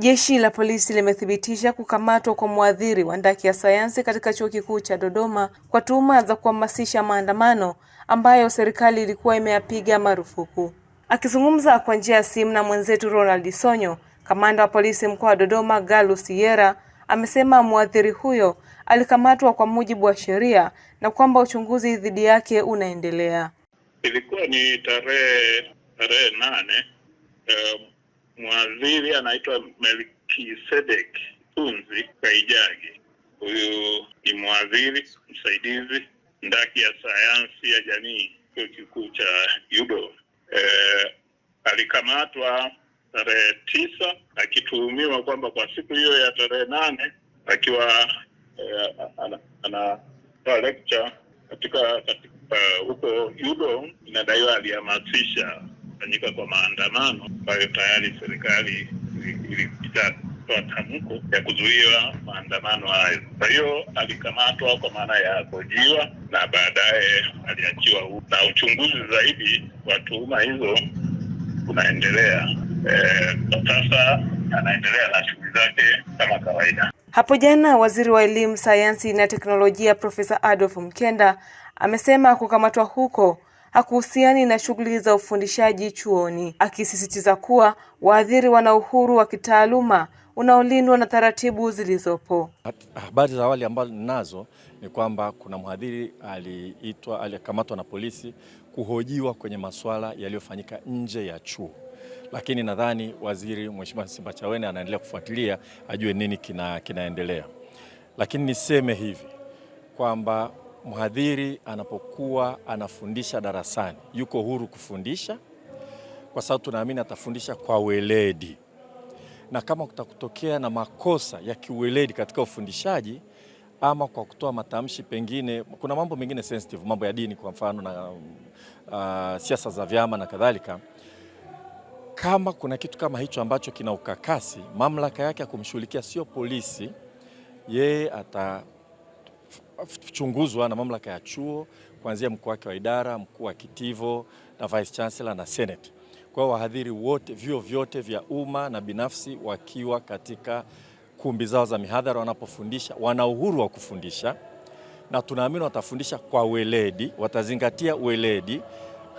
Jeshi la polisi limethibitisha kukamatwa kwa mhadhiri wa ndaki ya sayansi katika Chuo Kikuu cha Dodoma kwa tuhuma za kuhamasisha maandamano ambayo serikali ilikuwa imeyapiga marufuku. Akizungumza kwa njia ya simu na mwenzetu Ronald Sonyo, kamanda wa polisi mkoa wa Dodoma Galu Sierra amesema mhadhiri huyo alikamatwa kwa mujibu wa sheria na kwamba uchunguzi dhidi yake unaendelea. Ilikuwa ni tarehe tarehe nane um, mwadhiri anaitwa Melkisedek Unzi Kaijage. Huyu ni mwadhiri msaidizi ndaki ya sayansi ya jamii chuo kikuu cha Yudo. E, alikamatwa tarehe tisa akituhumiwa kwamba kwa siku hiyo ya tarehe nane akiwa e, eh, anatoa ana, ana lecture katika katika eh, huko Yudo, inadaiwa alihamasisha kufanyika kwa maandamano ambayo tayari serikali toa tamko ya kuzuia maandamano hayo. Kwa hiyo alikamatwa kwa maana ya kojiwa na baadaye aliachiwa, na uchunguzi zaidi wa tuhuma hizo unaendelea eh, kwa e, sasa anaendelea na shughuli zake kama kawaida. Hapo jana waziri wa elimu, sayansi na teknolojia Profesa Adolf Mkenda amesema kukamatwa huko hakuhusiani na shughuli za ufundishaji chuoni, akisisitiza kuwa waadhiri wana uhuru wa kitaaluma unaolindwa na taratibu zilizopo. Habari za awali ambazo ninazo ni kwamba kuna mhadhiri aliitwa, alikamatwa na polisi kuhojiwa kwenye masuala yaliyofanyika nje ya chuo, lakini nadhani waziri Mheshimiwa Simbachawene anaendelea kufuatilia ajue nini kina, kinaendelea. Lakini niseme hivi kwamba mhadhiri anapokuwa anafundisha darasani yuko huru kufundisha, kwa sababu tunaamini atafundisha kwa weledi, na kama kutakutokea na makosa ya kiweledi katika ufundishaji ama kwa kutoa matamshi, pengine kuna mambo mengine sensitive, mambo ya dini kwa mfano na uh, siasa za vyama na kadhalika. Kama kuna kitu kama hicho ambacho kina ukakasi, mamlaka yake ya kumshughulikia sio polisi, yeye ata kuchunguzwa na mamlaka ya chuo kuanzia mkuu wake wa idara, mkuu wa kitivo na vice chancellor na senate. Kwa wahadhiri wote vyuo vyote vya umma na binafsi wakiwa katika kumbi zao za mihadhara wanapofundisha, wana uhuru wa kufundisha na tunaamini watafundisha kwa weledi, watazingatia weledi,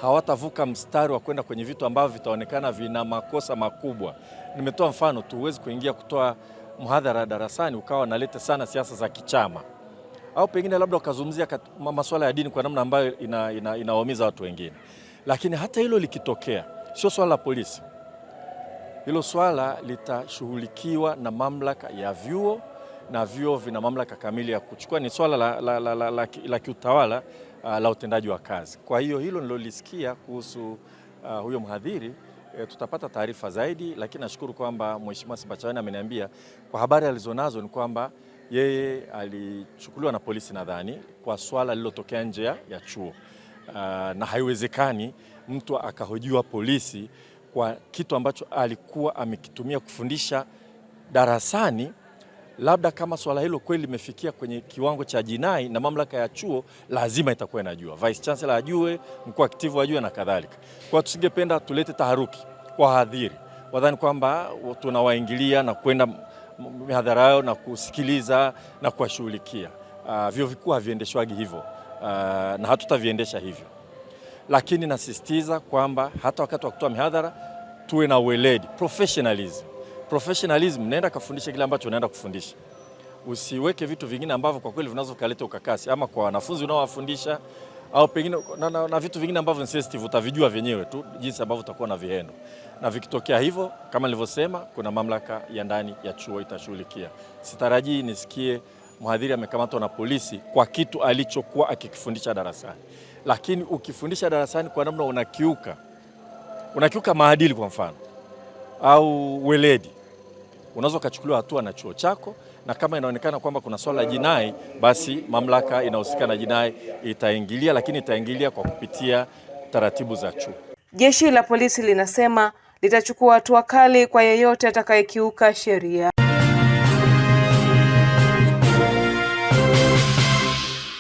hawatavuka mstari wa kwenda kwenye vitu ambavyo vitaonekana vina makosa makubwa. Nimetoa mfano tu, huwezi kuingia kutoa mhadhara darasani ukawa naleta sana siasa za kichama au pengine labda wakazungumzia masuala ya dini kwa namna ambayo inawaumiza ina, ina watu wengine. Lakini hata hilo likitokea, sio swala la polisi, hilo swala litashughulikiwa na mamlaka ya vyuo na vyuo vina mamlaka kamili ya kuchukua. Ni swala la, la, la, la, la, la kiutawala uh, la utendaji wa kazi. Kwa hiyo hilo nilolisikia kuhusu uh, huyo mhadhiri E, tutapata taarifa zaidi, lakini nashukuru kwamba Mheshimiwa Simbachawene ameniambia kwa habari alizonazo ni kwamba yeye alichukuliwa na polisi nadhani kwa swala lililotokea nje ya chuo. Uh, na haiwezekani mtu akahojiwa polisi kwa kitu ambacho alikuwa amekitumia kufundisha darasani, labda kama swala hilo kweli limefikia kwenye kiwango cha jinai, na mamlaka ya chuo lazima itakuwa inajua, vice chancellor ajue, mkuu aktivu ajue na kadhalika. Kwa tusingependa tulete taharuki, kwa hadhiri, wadhani kwamba tunawaingilia na kwenda mihadhara yao na kusikiliza na kuwashughulikia. Uh, vyuo vikuu haviendeshwagi hivyo uh, na hatutaviendesha hivyo, lakini nasisitiza kwamba hata wakati wa kutoa mihadhara tuwe na uweledi, professionalism. Professionalism, naenda kafundisha kile ambacho unaenda kufundisha, usiweke vitu vingine ambavyo kwa kweli vinaweza kaleta ukakasi ama kwa wanafunzi unaowafundisha au pengine na, na, na vitu vingine ambavyo sensitive utavijua vyenyewe tu jinsi ambavyo utakuwa na vihendo, na vikitokea hivyo, kama nilivyosema, kuna mamlaka ya ndani ya chuo itashughulikia. Sitarajii nisikie mhadhiri amekamatwa na polisi kwa kitu alichokuwa akikifundisha darasani, lakini ukifundisha darasani kwa namna unakiuka unakiuka maadili kwa mfano au weledi, unaweza ukachukuliwa hatua na chuo chako na kama inaonekana kwamba kuna swala la jinai, basi mamlaka inahusika na jinai itaingilia, lakini itaingilia kwa kupitia taratibu za chuo. Jeshi la polisi linasema litachukua hatua kali kwa yeyote atakayekiuka sheria.